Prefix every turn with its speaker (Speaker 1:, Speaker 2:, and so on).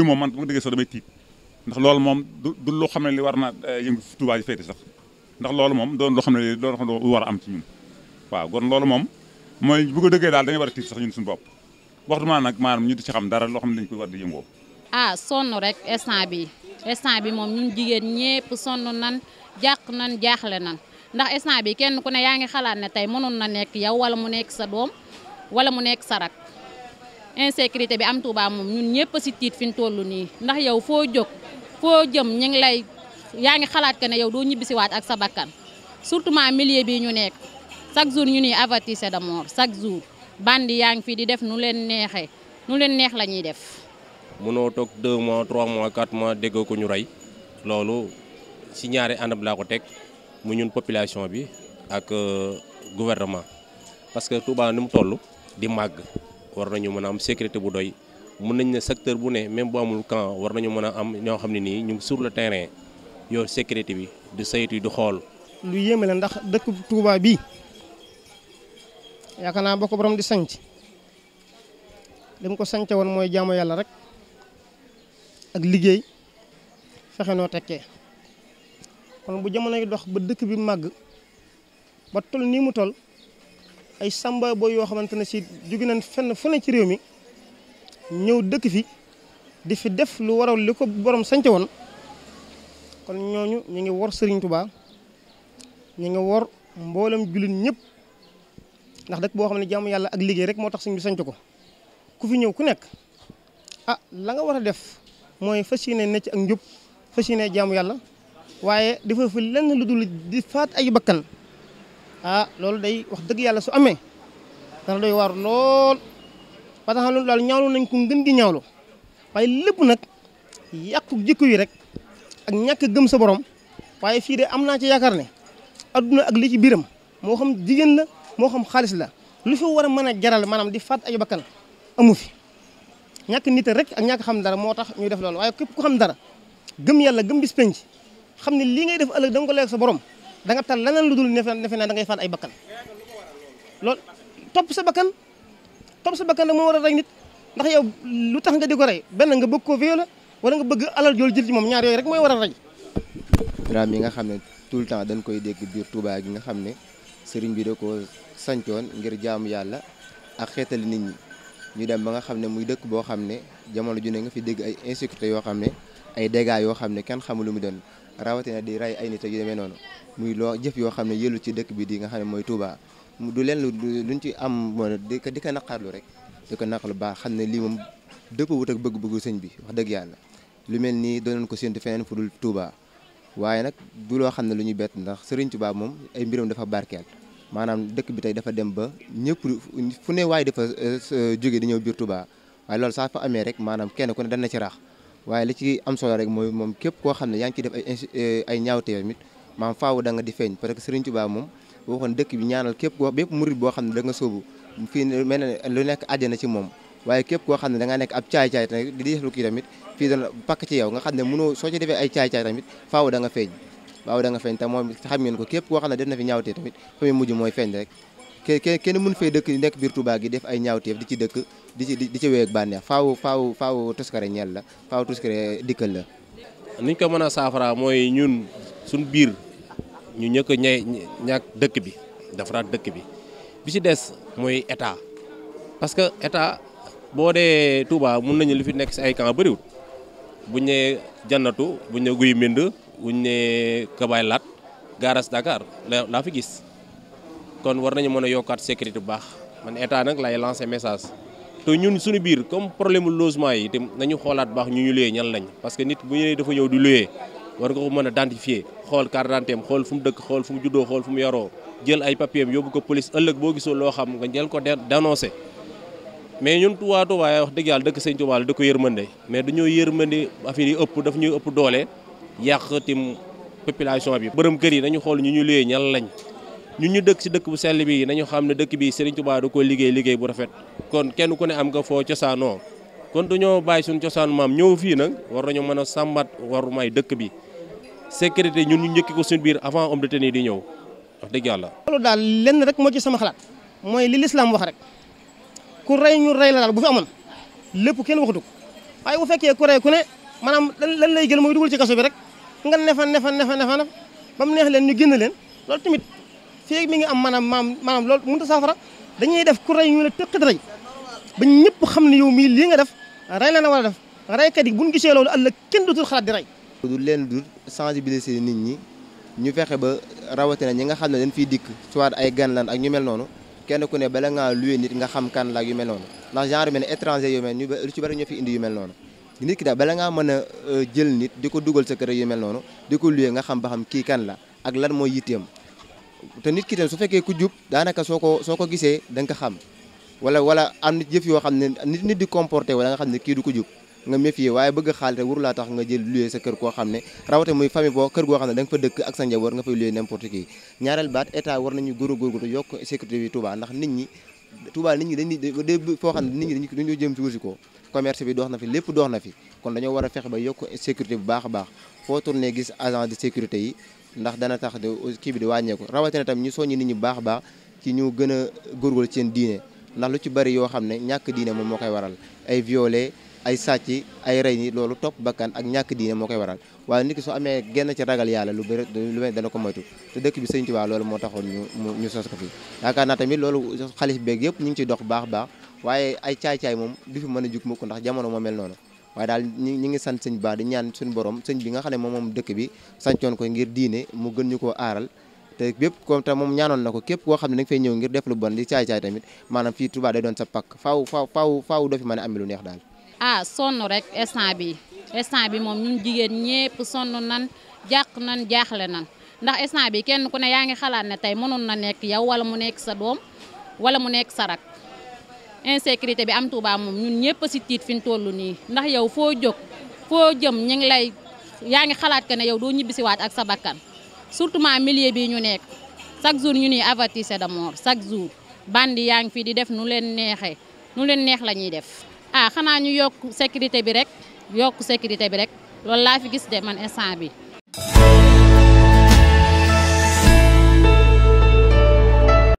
Speaker 1: yooyu moom man bu ma déggee sax damay tiit ndax loolu moom du du loo xam ne li war na eh, yëngu fi Touba ji féete sax ndax loolu moom doon loo xam ne doon xam war a am ci ñun waaw kon loolu moom mooy bu ko dëggee daal dañuy war a tiit sax ñun suñu bopp waxtu maa nag maanaam ñu di ci xam dara loo xam ne dañ koy war di yëngoo
Speaker 2: ah sonn rek instant bi instant bi moom ñun jigéen ñépp sonn nan jàq nan jaaxle nan ndax instant bi kenn ku ne yaa ngi xalaat ne tey mënoon na nekk yow wala mu nekk sa doom wala insécurité bi am Touba moom ñun ñëpp si tiit fi ñu toll nii ndax yow foo jóg foo jëm ñu ngi lay yaa ngi xalaat que ne yow doo ñibbi ñibbisiwaat ak sa bakkan surtout ma milieu bi ñu nekk chaque jours ñu ni avertissé de mort chaque jour bandi yaa ngi fii di def nu leen neexee nu leen neex la ñuy def.
Speaker 3: mënoo toog 2 mois 3 mois 4 mois déggoo ko ñu rey loolu si ñaari anam laa ko teg mu ñun population bi ak euh, gouvernement parce que Touba ni mu toll di màgg. war nañu mën a am sécurité bu doy mën nañ ne secteur bu ne même bu amul camp war nañu mën a am ñoo xam ne nii ñu sur le terrain yor sécurité bi du saytu du xool.
Speaker 1: lu yéeme la ndax dëkk Touba bi yaakaar naa boo ko borom di sanc li ko sanc woon mooy jaamu yàlla rek ak liggéey fexe noo tekkee kon bu jamonoy dox ba dëkk bi màgg ba toll nii mu toll. ay samba booy yoo xamante ne si jóge nañ fenn fu ne ci réew mi ñëw dëkk fi di fi def lu waral li ko boroom sañc woon kon ñooñu ñu ngi wor Serigne Touba ñu ngi wor mboolem jullit ñëpp ndax dëkk boo xam ne jaamu yàlla ak liggéey rek moo tax suñ bi sañc ko ku fi ñëw ku nekk ah la nga war a def mooy fas yéene ne ak njub fas yéene jaamu yàlla waaye dafa fi lenn lu dul di faat ay bakkan Ah, loolu day wax dëgg yàlla su amee dana doy waar lool ba loolu daal ñaawlu nañ ko gën gi ñaawlu waaye lépp nag yàqu jikko yi rek ak ñàkk gëm sa borom waaye fii de am naa ci yaakaar ne adduna ak li ci biiram moo xam jigéen la moo xam xaalis la lu fi war a mën a jaral maanaam di faat ay bakkan amu fi ñàkk nit rek ak ñàkk xam dara moo tax ñuy def loolu waaye képp ku xam dara gëm yàlla gëm bis penc xam ne lii ngay def ëllëg da nga leeg sa borom da nga tal leneen lu dul nefe naa da ngay faat ay bakkan lool topp sa bakkan topp sa bakkan nag moo war a rey nit ndax yow lu tax nga di ko rey benn nga bëgg koo violé wala nga bëgg alal jool jël ji moom ñaar yooyu rek mooy war a rey.
Speaker 4: drame yi nga xam ne tout le temps dañ koy dégg biir Touba gi nga xam ne sëriñ bi da koo sancoon ngir jaamu yàlla ak xeetali nit ñi. ñu dem ba nga xam ne muy dëkk boo xam ne jamono ju ne nga fi dégg ay insécurité yoo xam ne ay dégâts yoo xam ne kenn xamul lu mu doon rawatina di rey ay nit yu demee noonu muy loo jëf yoo xam ne yëllu ci dëkk bi di nga xam ne mooy Touba du leen luñ ci am di ko di ko naqarlu rek di ko naqarlu baax xam ne lii moom dëpp wut ak bëgg-bëggu sëñ bi wax dëgg yàlla lu mel nii doonoon ko seen séntu feneen fu dul Touba waaye nag du loo xam ne lu ñu bett ndax Serigne Touba moom ay mbiram dafa barkeel maanaam dëkk bi tey dafa dem ba ñëpp fu ne waaye dafa euh, euh, jóge di ñëw biir Touba waaye loolu saa amee rek maanaam kenn ku ne dana ci raax waaye li ci am solo rek mooy moom képp koo xam ne yaa ngi ciy def ay euh, ay ñaawteef mit maam faaw da nga di feeñ parce que Serigne Touba moom waxoon dëkk bi ñaanal képp koo bépp boo xam ne da nga sóobu fii mel ne lu nekk àjjana ci moom waaye képp koo xam ne da nga nekk ab caay-caay tamit di def lu ci yow nga xam ne mënoo soo ci defee ay caay tamit faaw da nga feeñ waaw da nga feeñ te moom xam ngeen ko képp koo xam ne def na fi ñaawtee tamit fa muy mujj mooy feeñ rek kenn mun fay dëkk nekk biir Touba gi def ay ñaawteef di ci dëkk di ci di ci weeg bànneex faaw faaw faaw toskare ñeel la
Speaker 3: faaw toskare dikkal la niñ ko mën a saafaraa mooy ñun suñ biir ñu ñëkk a dëkk bi defaraat dëkk bi bi ci des mooy état parce que état boo dee Touba mun nañu li fi nekk si ay camp bëriwul buñ ne jannatu buñ ne guy mbind buñ ne Kabaay Laat garage Dakar laa fi gis kon war nañu mën a yokkaat sécurité bu baax man état nag lay lancer message te ñun sunu biir comme problème mu yi itam nañu xoolaat baax ñu ñu luyee ñan lañ parce que nit bu ñu nee dafa ñëw di luyee war nga ko mën a identifier xool carte d'identité xool fu mu dëkk xool fu mu juddoo xool fu mu yaroo jël ay papier yóbbu ko police ëllëg boo gisoo loo xam nga jël ko dénoncé mais ñun Touba Touba wax dëgg yàlla dëkk Sëñ Touba la dëkk yërmande mais dañoo yërmande affaire yi ëpp daf ñuy ëpp doole. yàq tim bi. bërëm kër yi nañu xool ñu ñu luyee ñal lañ ñun ñu dëkk si dëkk bu sell bi nañu xam ne dëkk bi Serigne Touba da ko liggéey liggéey bu rafet kon kenn ku ne am nga foo cosaanoo kon dañoo bàyyi suñu cosaanu maam ñëw fii nag war nañu mën a sàmmat waru may dëkk bi sécurité ñun ñu njëkki ko suñu biir avant homme de tenue di ñëw wax dëgg yàlla.
Speaker 1: loolu daal lenn rek moo ci sama xalaat mooy li lislaam wax rek ku rey ñu rey la daal bu fi bu fekkee ku rey ku ne maanaam lan lay jël mooy dugal ci kaso nga nefa nefa nefa nefa nefa ba mu neex leen ñu génn leen loolu tamit fii mi ngi am maanaam maam maanaam loolu mënut a saafara dañuy def ku rey ñu la tëqat rey ba ñëpp xam ne yow mii lii nga def rey la na war a def reykat yi bu
Speaker 4: ñu gisee loolu ëllëg kenn dootul xalaat di rey. du leen dul sensibiliser nit ñi ñu fexe ba rawatina ñi nga xam ne dañ fiy dikk soit ay gan lan ak ñu mel noonu kenn ku ne bala ngaa luwe nit nga xam kan la ak yu mel noonu ndax genre fi indi yu mel noonu. nit ki daal bala ngaa mën a euh, jël nit di ko dugal sa kër yi mel noonu di ko luyee nga xam ba xam kii kan la ak lan mooy yitteem te nit ki tam su fekkee ku jub daanaka soo ko soo ko gisee da ko xam wala wala am nit jëf yoo xam ne nit nit di comporté wala nga xam ne kii du ko jub nga méfier waaye bëgg xaalis te warulaa tax nga jël luyee sa kër koo xam ne rawate muy famille boo kër goo xam ne da nga fa dëkk ak sa njaboot nga fay luyee n'importe qui ñaareel baat état war nañu góorgóorlu yokk sécurité bi Touba ndax nit ñi Touba nit ñi dañuy d foo xam ne nit ñi dañu jëm ci wusi ko commerce bi dox na fi lépp dox na fi kon dañoo war a fexe ba yokk sécurité bu baax a baax foo tourné gis agent de sécurité yi ndax dana tax de kii bi di wàññeeku rawatina tam ñu soññi nit ñi bu baax a baax ci ñu gën a góorgóorlu ci seen diine ndax lu ci bari yoo xam ne ñàkk diine moom moo koy waral ay violé ay sàcc ay rey ni loolu topp bakkan ak ñàkk diine moo koy waral waaye nit ki soo amee genn ci ragal yàlla lu bëri lu dana ko moytu te dëkk bi sëñ Tuubaa loolu moo taxoon ñu ñu sos ko fi yaakaar naa tamit loolu xalif beeg yëpp ñu ngi ciy dox baax baax waaye ay caay-caay moom du fi mën a ndax jamono moo mel noonu waaye daal ñu ñi ngi sant sëñ baax di ñaan suñu borom sëñ bi nga xam ne moom moom dëkk bi sancoon ko ngir diine mu gën ñu koo aaral te bépp comme te moom ñaanoon na ko képp koo xam ne da nga ñëw ngir def lu bon di caay-caay tamit maanaam fii doon sa pakk faaw faaw faaw faaw doo a am lu neex daal
Speaker 2: ah sonn rek instant bi instant bi moom ñun jigéen ñépp sonn nan jàq nan jaaxle nan ndax instant bi kenn ku ne yaa ngi xalaat ne tey mënoon na nekk yow wala mu nekk sa doom wala mu nekk sa rak insécurité bi am Touba moom ñun ñépp si tiit fi ñu toll nii ndax yow foo jóg foo jëm ñu ngi lay yaa ngi xalaat que ne yow doo ñibbi ñibbisiwaat ak sa bakkan surtout ma milieu bii ñu nekk chaque jour ñu nii avertissé de mort chaque jour bandi yaa ngi fii di def nu leen neexee nu leen neex la ñuy def ah xanaa ñu yokk sécurité bi rek yokk sécurité bi rek loolu laa fi gis de man instant bi